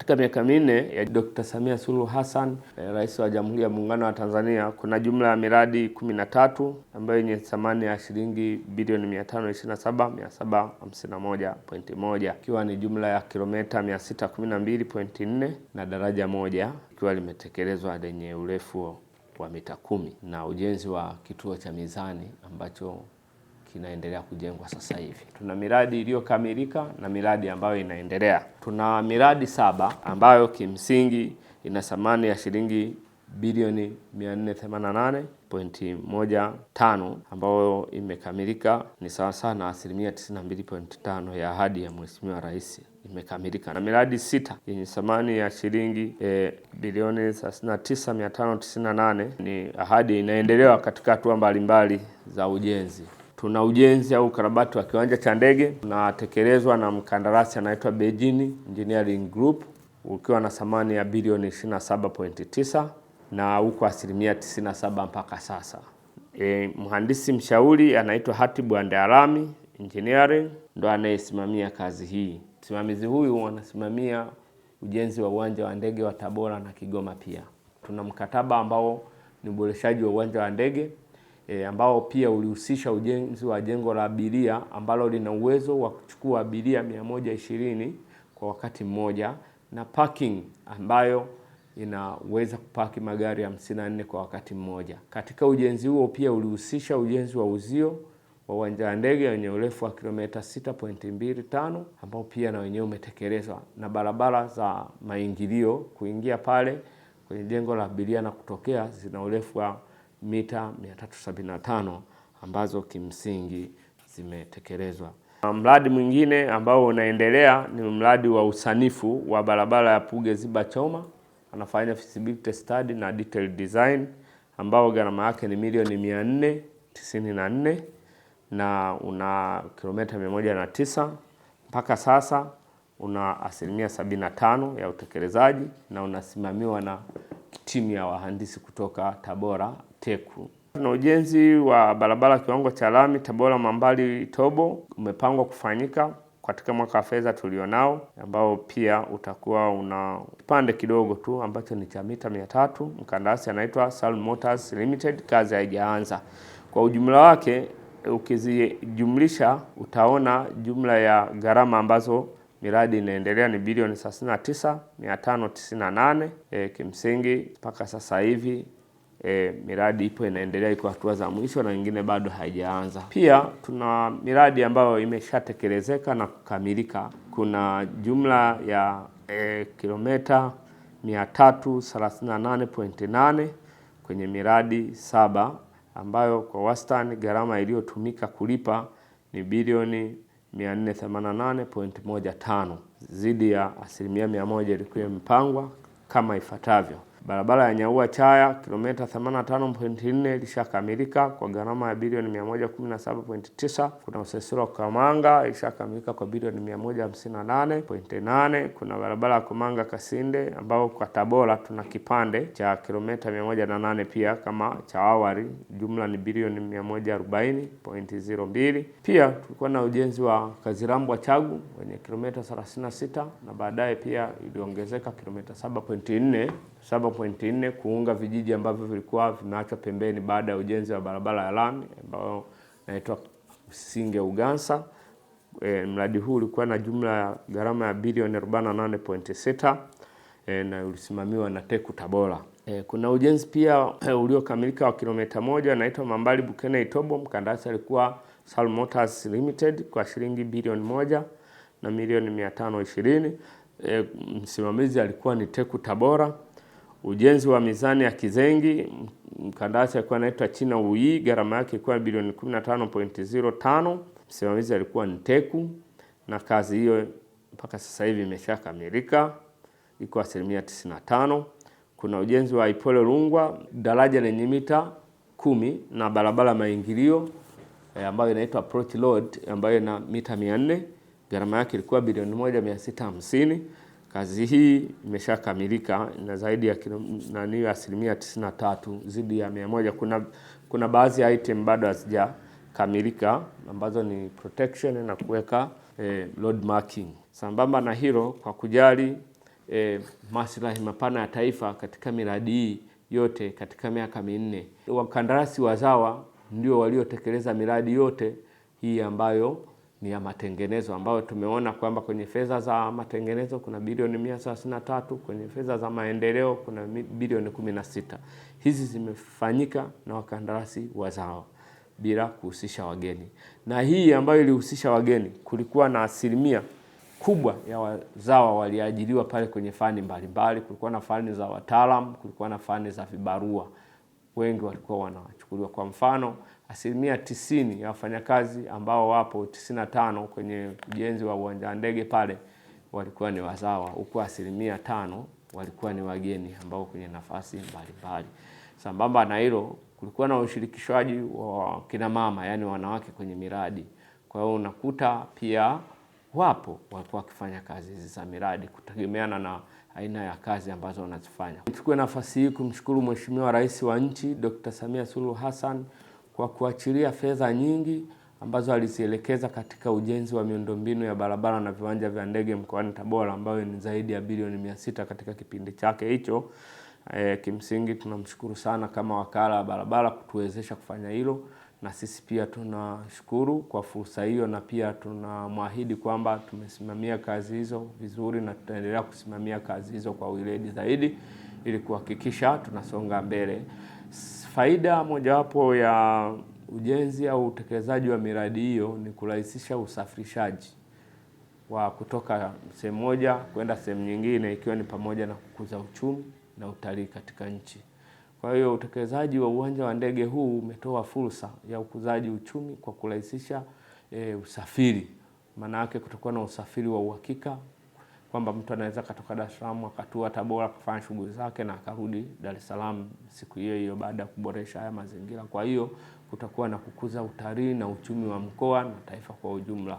Katika miaka minne ya Dkt. Samia Suluhu Hassan, eh, rais wa Jamhuri ya Muungano wa Tanzania, kuna jumla ya miradi 13 ambayo yenye thamani ya shilingi bilioni 527,751.1 ikiwa ni jumla ya kilomita 612.4 na daraja moja ikiwa limetekelezwa lenye urefu wa mita kumi na ujenzi wa kituo cha mizani ambacho kinaendelea kujengwa sasa hivi. Tuna miradi iliyokamilika na miradi ambayo inaendelea. Tuna miradi saba ambayo kimsingi ina thamani ya shilingi bilioni 488.15 ambayo imekamilika, ni sawasawa na asilimia 92.5 ya ahadi ya Mheshimiwa Rais imekamilika, na miradi sita yenye thamani ya shilingi e, bilioni 39,598 ni ahadi inaendelewa katika hatua mbalimbali za ujenzi. Tuna ujenzi au ukarabati wa kiwanja cha ndege unatekelezwa na mkandarasi anaitwa Beijing Engineering Group ukiwa na thamani ya bilioni 27.9 na uko asilimia 97 mpaka sasa. E, mhandisi mshauri anaitwa Hatibu Andearami Engineering ndo anayesimamia kazi hii. Msimamizi huyu anasimamia ujenzi wa uwanja wa ndege wa Tabora na Kigoma. Pia tuna mkataba ambao ni uboreshaji wa uwanja wa ndege e, ambao pia ulihusisha ujenzi wa jengo la abiria ambalo lina uwezo wa kuchukua abiria 120 kwa wakati mmoja na parking ambayo inaweza kupaki magari 54 kwa wakati mmoja. Katika ujenzi huo pia ulihusisha ujenzi wa uzio wa uwanja wa ndege wenye urefu wa kilomita 6.25 ambao pia na wenyewe umetekelezwa, na barabara za maingilio kuingia pale kwenye jengo la abiria na kutokea zina urefu wa mita 375 ambazo kimsingi zimetekelezwa. Mradi mwingine ambao unaendelea ni mradi wa usanifu wa barabara ya Puge Ziba Choma, anafanya feasibility study na detail design ambao gharama yake ni milioni 494 na una kilomita 109. Mpaka sasa una asilimia 75 ya utekelezaji na unasimamiwa na timu ya wahandisi kutoka Tabora TEKU. Na ujenzi wa barabara kiwango cha lami Tabora mambali Tobo umepangwa kufanyika katika mwaka wa fedha tulionao ambao pia utakuwa una kipande kidogo tu ambacho ni cha mita mia tatu. Mkandarasi anaitwa Salum Motors Limited, kazi haijaanza. Kwa ujumla wake ukizijumlisha utaona jumla ya gharama ambazo miradi inaendelea ni bilioni 39,598. E, kimsingi mpaka sasa hivi e, miradi ipo inaendelea, iko hatua za mwisho na nyingine bado haijaanza. Pia tuna miradi ambayo imeshatekelezeka na kukamilika. Kuna jumla ya e, kilometa 338.8 kwenye miradi saba ambayo kwa wastani gharama iliyotumika kulipa ni bilioni 488.15 zidi ya asilimia mia moja ilikuwa imepangwa kama ifuatavyo. Barabara ya Nyaua Chaya kilomita 85.4 ilishakamilika kwa gharama ya bilioni 117.9. Kuna Usesero Kamanga ilishakamilika kwa bilioni 158.8. Kuna barabara ya Komanga Kasinde ambao kwa Tabora tuna kipande cha kilomita 108 pia kama cha awali, jumla ni bilioni 140.02. Pia tulikuwa na ujenzi wa Kazirambwa Chagu wenye kilomita 36 na baadaye pia iliongezeka kilomita 7.4 7 0.4 kuunga vijiji ambavyo vilikuwa vimeachwa pembeni baada ya ujenzi wa barabara ya lami ambayo inaitwa Singe Ugansa. E, mradi huu ulikuwa na jumla ya gharama ya bilioni 48.6 e, na ulisimamiwa na Teku Tabora. E, kuna ujenzi pia e, uliokamilika wa kilomita moja unaitwa Mambali Bukene Itobo. Mkandarasi alikuwa Sal Motors Limited kwa shilingi bilioni moja na milioni 520. E, msimamizi alikuwa ni Teku Tabora. Ujenzi wa mizani ya Kizengi, mkandarasi alikuwa anaitwa China Uyi, gharama yake ilikuwa bilioni 15.05. Msimamizi alikuwa Nteku, na kazi hiyo mpaka sasa hivi imeshakamilika, iko asilimia 95. Kuna ujenzi wa Ipole Rungwa, daraja lenye mita kumi na barabara maingilio e, ambayo inaitwa Approach Road ambayo ina mita 400, gharama yake ilikuwa bilioni 1650. Kazi hii imeshakamilika na zaidi ya nani asilimia 93 zidi ya moja. Kuna, kuna baadhi ya item bado hazijakamilika ambazo ni protection na kuweka eh, load marking. Sambamba na hilo kwa kujali eh, maslahi mapana ya taifa katika miradi hii yote katika miaka minne, wakandarasi wazawa ndio waliotekeleza miradi yote hii ambayo ni ya matengenezo ambayo tumeona kwamba kwenye fedha za matengenezo kuna bilioni mia tatu kwenye fedha za maendeleo kuna bilioni kumi sita Hizi zimefanyika na wakandarasi wazawa bila kuhusisha wageni, na hii ambayo ilihusisha wageni, kulikuwa na asilimia kubwa ya wazawa waliajiriwa pale kwenye fani mbalimbali. Kulikuwa na fani za wataalamu, kulikuwa na fani za vibarua, wengi walikuwa wanachukuliwa. Kwa mfano asilimia tisini ya wafanyakazi ambao wapo tisini na tano kwenye ujenzi wa uwanja wa ndege pale walikuwa ni wazawa, huku asilimia tano walikuwa ni wageni ambao kwenye nafasi mbalimbali. Sambamba na hilo, kulikuwa na ushirikishwaji wa kina mama, yani wanawake kwenye miradi. Kwa hiyo unakuta pia wapo walikuwa wakifanya kazi hizi za miradi kutegemeana na aina ya kazi ambazo wanazifanya. Nichukue nafasi hii kumshukuru Mheshimiwa Rais wa nchi Dr. Samia Suluhu Hassan kwa kuachilia fedha nyingi ambazo alizielekeza katika ujenzi wa miundombinu ya barabara na viwanja vya ndege mkoani Tabora ambayo ni zaidi ya bilioni mia sita katika kipindi chake hicho. E, kimsingi tunamshukuru sana kama wakala wa barabara kutuwezesha kufanya hilo na sisi pia tunashukuru kwa fursa hiyo, na pia tunamwahidi kwamba tumesimamia kazi hizo vizuri na tutaendelea kusimamia kazi hizo kwa weledi zaidi ili kuhakikisha tunasonga mbele. Faida mojawapo ya ujenzi au utekelezaji wa miradi hiyo ni kurahisisha usafirishaji wa kutoka sehemu moja kwenda sehemu nyingine, ikiwa ni pamoja na kukuza uchumi na utalii katika nchi. Kwa hiyo utekelezaji wa uwanja wa ndege huu umetoa fursa ya ukuzaji uchumi kwa kurahisisha e, usafiri. Maana yake kutakuwa na usafiri wa uhakika kwamba mtu anaweza akatoka Dar es Salaam akatua Tabora akafanya shughuli zake na akarudi Dar es Salaam siku hiyo hiyo baada ya kuboresha haya mazingira. Kwa hiyo kutakuwa na kukuza utalii na uchumi wa mkoa na taifa kwa ujumla.